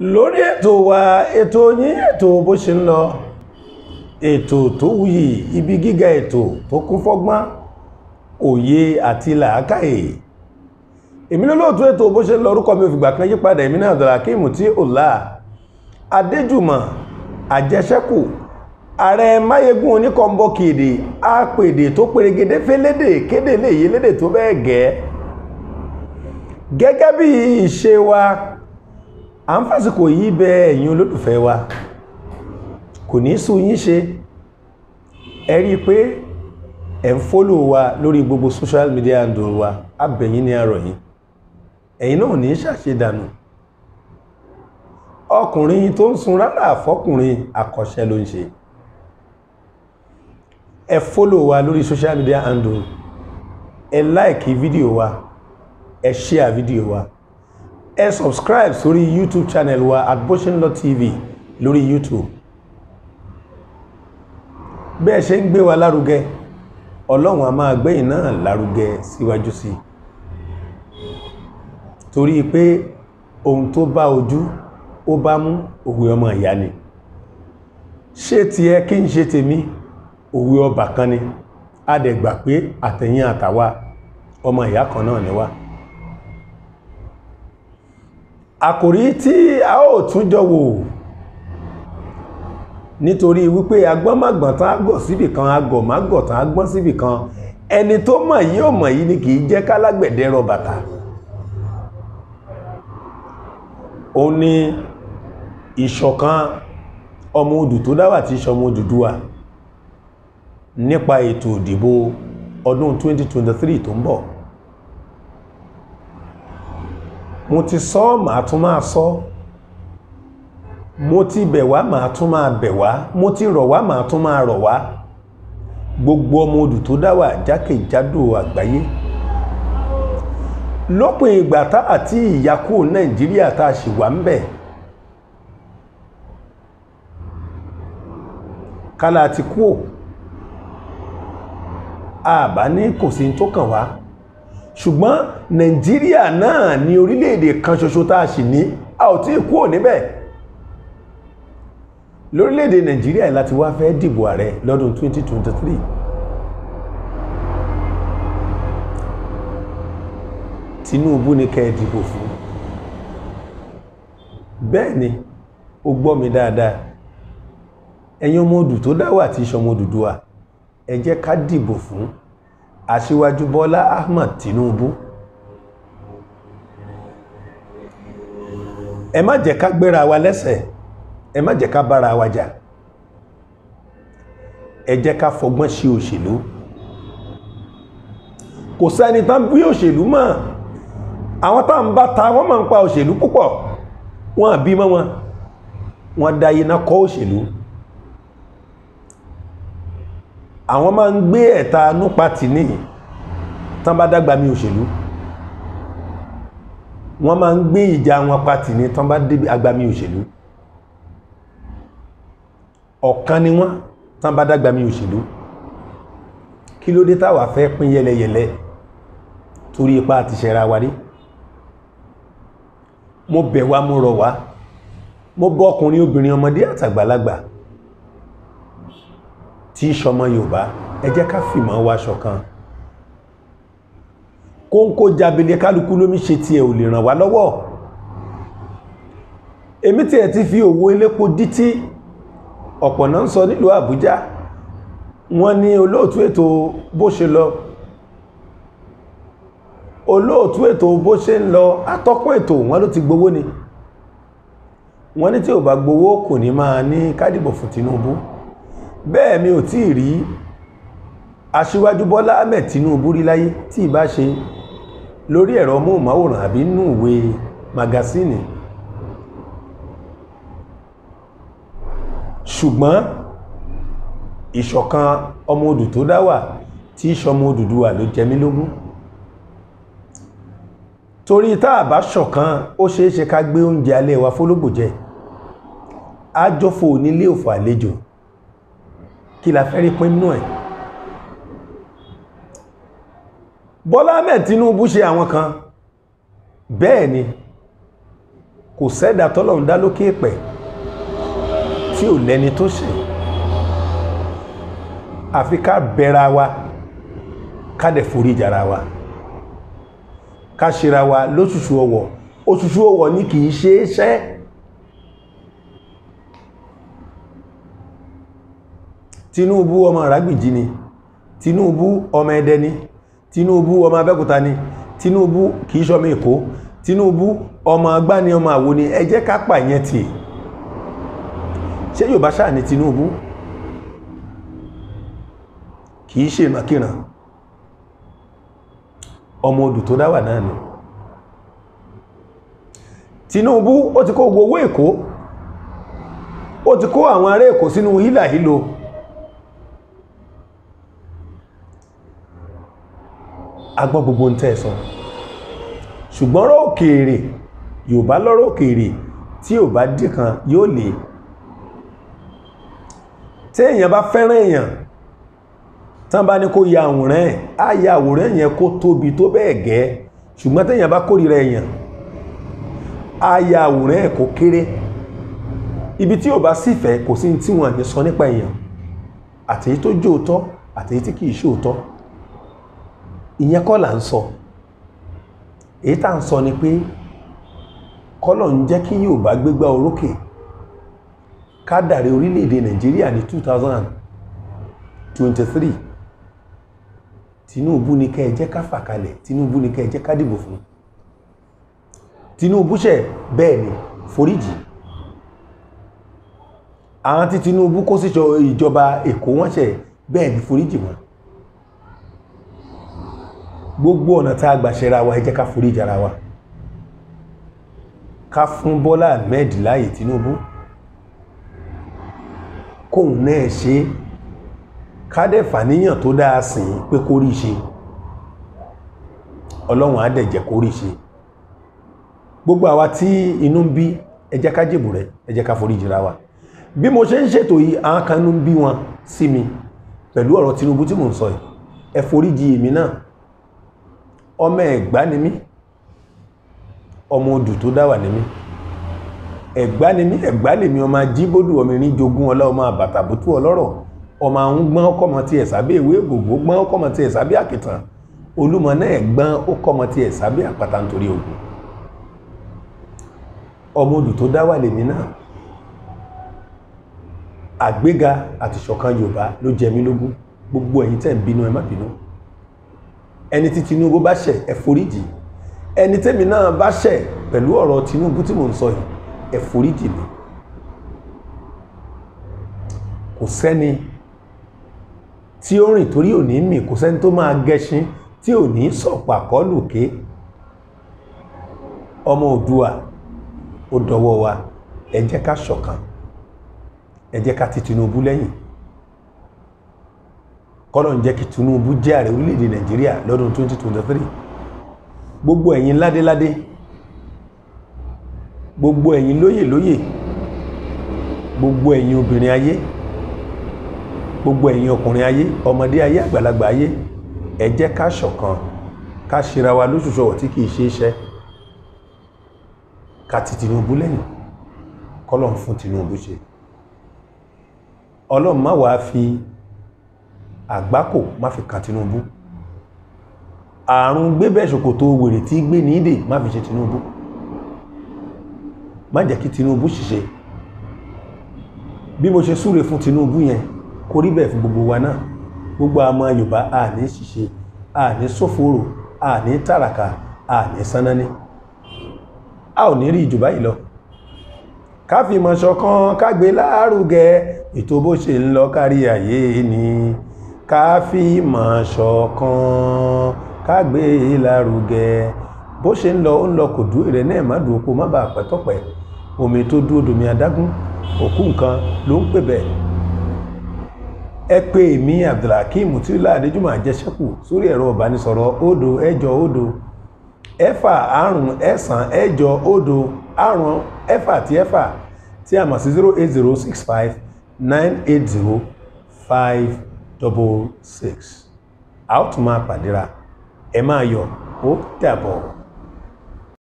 lórí ètò wa ètò yín ètò bó ṣe ń lọ ètò tó wuyì ibi gíga ètò tó kún fọ́gbọ́n òye àti làákàyè èmi lólóòtú ètò bó ṣe ń lọ orúkọ mi òfìgbà kan yípadà èmi náà dọ̀là kí ìmùtí ọ̀la adéjùmọ̀ àjẹṣẹ́kù ààrẹ máyégún oníkọ̀ǹbọ̀ kéde àpèdè tó pèrègede félédè kéde léyìí lédè tó bẹ́ẹ̀ gẹ́ gẹ́gẹ́ bí ìṣe wa à ń fásitì yìí bẹ ẹ̀yin olólùfẹ́ wa kò ní sú yín ṣe ẹ rí pé ẹ̀ ń fólò wa lórí gbogbo social media handle wa abẹ̀yìn ní àrọ̀ yìí ẹ̀yin náà ní ṣàṣedànù ọkùnrin tó ń sun rárá àfọ́kùnrin àkọ́ṣẹ́ ló ń ṣe ẹ fólò wa lórí social media handle ẹ láìkì fídíò wa ẹ ṣíà fídíò wa ẹ subscribe sórí youtube channel wa at boshinlo tv lórí youtube bẹ́ẹ̀ ṣe ń gbé wa lárugẹ ọlọ́run a máa gbé iná lárugẹ síwájú sí torí pé ohun tó bá ojú ó bá mú òwe ọmọ ìyá ni ṣé ti ẹ kí n ṣe tèmi òwe ọbà kan ni a dẹ̀ pé àtẹ̀yìn àtàwa ọmọ ìyá kan náà ni àkòrí tí a ó tún jọ wò nítorí wípé agbọ́mọ̀gbọ̀n tán àgọ̀ síbì kan agọ̀mágọ̀ tán agbọ́n síbì kan ẹni tó mọ̀ yí ò mọ̀ yí ni kìí jẹ́ kálágbẹ̀dẹ rọ bàtà ó ní ìṣọ̀kan ọmọ odù tó dáwà tí ṣọmọ Odùduwà nípa ètò ìdìbò ọdún 2023 tó ń bọ̀ mo ti sọ màá tún máa sọ mo ti bẹ̀ wá màá tún máa bẹ̀ mo ti rọ̀ wá màá tún máa rọ̀ wá gbogbo ọmọ odù tó dá wà jákèjádò àgbáyé lópin ìgbà tá àti ìyàkó nàìjíríà tá a sì wà ń bẹ̀ kálá ti kú àbá ní kò sí tó kàn wá ṣùgbọ́n nàìjíríà náà ni orílẹ̀-èdè kan ṣoṣo tá a sì ní a ò tí ì kúrò níbẹ̀ lórílẹ̀-èdè nàìjíríà láti wá fẹ́ dìbò ààrẹ lọ́dún 2023 Tinubu ni kẹ́ dìbò fún bẹ́ẹ̀ ni ó gbọ́ mi dáadáa ẹ̀yin ọmọ odù tó dáwà àti ìṣọmọ Odùduwà ẹ ká dìbò fún aṣíwájú bọ́lá ahmed tinubu ẹ má jẹ́ ká gbéra wa lẹ́sẹ̀ ẹ má jẹ́ ká bára wa jà ẹ jẹ́ ká fọgbọ́n ṣe òṣèlú kò sẹ́ni tán bí òṣèlú mọ́ àwọn tá ń bá ta wọ́n máa ń pa òṣèlú púpọ̀ wọ́n bí mọ́ wọn wọ́n dá iná kọ́ òṣèlú àwọn máa ń gbé ẹ̀ta núpa tì ní tán bá dágbà mi òṣèlú wọ́n máa ń gbé ìjà wọn pàtì ní tán bá débi agbami òṣèlú ọ̀kan ni wọ́n tán bá dágbami òṣèlú kí ló dé táwa fẹ́ pín yẹlẹyẹlẹ torí ipa àti ṣẹ̀ra wa rí mo bẹ̀ wá mo rọ̀ wá mo bọ́ ọkùnrin obìnrin ọmọdé àtàgbàlagbà tí í ṣọmọ Yorùbá ẹ ká fìmọ̀ wa ṣọ̀kan kóńkó jabele kálukú lómi ṣe ti ẹ̀ ò lè ràn wá lọ́wọ́ èmi tí ẹ̀ ti fi òwò elépo dítí ọ̀pọ̀ náà ń sọ nílùú Àbújá wọ́n ní olóòtú ètò bó ṣe lọ olóòtú ètò bó ṣe ń lọ atọ́kùn ètò wọ́n ló ti gbowó ni wọ́n ní tí ò bá gbowó kò ní máa ní kádìbò fún Tinubu no bẹ́ẹ̀ mi ò tí ì rí aṣíwájú bọ́lá ahmed tinubu rí láyé tí ìbá ṣe lórí ẹ̀rọ móhùnmáwòrán àbí nínú ìwé magasíìnì ṣùgbọ́n ìṣọ̀kan ọmọ odù tó dáwà tí ìṣọmọ Odùduwà ló jẹ mí lógún torí tá a bá ṣọ̀kan ó ṣeéṣe ká gbé oúnjẹ alẹ́ wa fólógbò jẹ àjọfò onílé òfò àlejò kí la fẹ́rí pín nú ẹ̀ Bọ́lá Ahmed Tinubu ṣe àwọn kan bẹ́ẹ̀ ni kò sẹ́dà tọ́lọ̀un dá lókè pẹ̀ tí ò lẹ́ni tó ṣe àfi ká bẹ̀ra wa ká dẹ̀ forí jara wa ká ṣera wa lóṣùṣù ọwọ̀ oṣùṣù ọwọ̀ ní kìí ṣe Tinubu ọmọ Ràgbìjí ni Tinubu ọmọ Ẹdẹ ni Tinubu ọmọ Abẹ́kúta ni Tinubu kìí ṣọmọ Èkó Tinubu ọmọ agbá ọmọ àwo ni ẹ jẹ́ ká pa ìyẹn tì ṣé yóò bá ṣáà ní Tinubu kìí ṣe ìmọ̀kíran ọmọ odù tó dáwà náà ni Tinubu ó ti kó gbogbo owó Èkó ó ti kó àwọn ará Èkó sínú hílàhílo a gbọ́ gbogbo ń tẹ́ ẹ sọ ṣùgbọ́n ọ̀rọ̀ òkèèrè yorùbá lọ́rọ̀ òkèèrè tí ò bá dìkan yóò lè tí èèyàn bá fẹ́ràn èèyàn tán bá ní kó ya àwòrán ẹ̀ á ya àwòrán yẹn kó tóbi tó bẹ́ẹ̀ gẹ́ ṣùgbọ́n téèyàn bá kórìíra èèyàn á ya àwòrán ẹ̀ kó kéré ibi tí ò bá sífẹ̀ẹ́ kò sí tí wọ́n ní nípa èèyàn àtèyí tó jóòótọ́ àtèyí tí kìí ṣòótọ́ ìyẹn kọ́ là ń sọ èyí tà ń sọ ni pé kọ́lọ̀ ń jẹ́ kí Yorùbá gbégbá orókè kádàrí orílẹ̀-èdè Nàìjíríà ní 2023 Tinubu ní kẹ́ ẹ jẹ́ ká fàkalẹ̀ Tinubu ní kẹ́ ẹ jẹ́ ká dìbò fún Tinubu ṣẹ̀ bẹ́ẹ̀ ni foríjì àwọn tí Tinubu kó síjọ ìjọba Èkó wọ́n ṣẹ̀ bẹ́ẹ̀ ni foríjì wọn gbogbo ọ̀nà tá a gbà ra wa ẹ jẹ́ ká forí jara wa ká fún Bọ́lá Ahmed láàyè Tinubu kóun náà ṣe ká dẹ̀ fàníyàn tó dáa sìn pé kó rí ṣe ọlọ́run á dẹ̀ jẹ́ kó rí ṣe gbogbo àwa tí inú ń bí ẹ ká jìbù rẹ̀ ẹ ká forí jìra wa bí mo ṣe ń ṣètò yìí àwọn kan inú ń bí wọn sí mi pẹ̀lú ọ̀rọ̀ Tinubu tí mò ń sọ yìí ẹ forí jì èmi náà ọmọ ẹ̀gbá ni mí ọmọ odù tó dáwà ni mí ẹ̀gbá ni mí ẹ̀gbá lèmi ọmọ ajíbódù ọmọ irin jogún ọlá ọmọ àbàtàbútú ọlọ́rọ̀ ọmọ àwọn gbọ́n ọkọ̀mọ ti ẹ̀sà bí ìwé gbogbo gbọ́n ọkọ̀mọ ti ẹ̀sà bí àkìtàn olúmọ náà gbọ́n ọkọ̀mọ ti ẹ̀sà bí àpáta nítorí ogun ọmọ odù tó dáwà lèmi náà àgbéga àti yorùbá ló jẹ mí lógún gbogbo ẹ̀yin tẹ́ ń bínú ẹ má bínú ẹni tí Tinubu bá ṣẹ̀ ẹ foríjì ẹni tẹ́mi náà bá ṣẹ̀ pẹ̀lú ọ̀rọ̀ Tinubu tí mò ń sọ yìí ẹ foríjì mi kò sẹ́ni tí ó rìn torí òní mì kò sẹ́ni tó máa gẹṣin tí ò ní sọ̀pà ọmọ Oòduà ó dọwọ́ wa ẹ jẹ́ ká ṣọ̀kan ẹ jẹ́ ká ti Tinubu lẹ́yìn kọ́lọ̀ ń jẹ́ kí Tinubu jẹ́ ààrẹ orílẹ̀-èdè Nàìjíríà lọ́dún 2023 gbogbo ẹ̀yin ládéládé gbogbo ẹ̀yin lóyè lóyè gbogbo ẹ̀yin obìnrin ayé gbogbo ẹ̀yin ọkùnrin ayé ọmọdé ayé àgbàlagbà ayé ẹ jẹ́ ká ṣọ̀kan ká ṣera wa lóṣùṣọ̀wọ̀ tí kìí ṣe iṣẹ́ ká ti Tinubu lẹ́yìn kọ́lọ̀ ń fún Tinubu ṣe ọlọ́run má wàá fi àgbákò má fi kan Tinubu àrùn gbébẹ̀ṣòkòtò wèrè tí gbé ní ìdè má fi ṣe Tinubu má jẹ́ kí Tinubu ṣiṣẹ́ bí mo ṣe súre fún Tinubu yẹn kó rí bẹ́ẹ̀ fún gbogbo wa náà gbogbo àmọ́ Yorùbá à ní ṣiṣẹ́ à ní sófòrò à ní tàràkà à ní sánání a ò ní rí ìjù báyìí lọ ká fi mọ̀ ṣọ̀kan ká gbé lárugẹ ètò bó ṣe ń lọ kárí ayé ni ká fi mọ̀ ṣọ̀kan ká gbé e lárugẹ bó ṣe ń lọ ó ń lọ kò dúró rẹ̀ náà má dùn kó má bàa pẹ́tọ́pẹ́ omi tó dúró domi adágún òkú nǹkan ló ń pè bẹ́ẹ̀ ẹ pé èmi abdulhakeem tí ládéjúmọ̀ àjẹsẹ́kù sórí ẹ̀rọ ìbánisọ̀rọ̀ òdo ẹ̀jọ òdo ẹ̀fà àrùn ẹ̀sán ẹ̀jọ òdo àrùn ẹ̀fà tí ẹ̀fà tí a mọ̀ sí zero eight zero six five nine eight zero five double six a ó tún máa pàdéra ẹ máa yọ̀ ó dàbọ̀.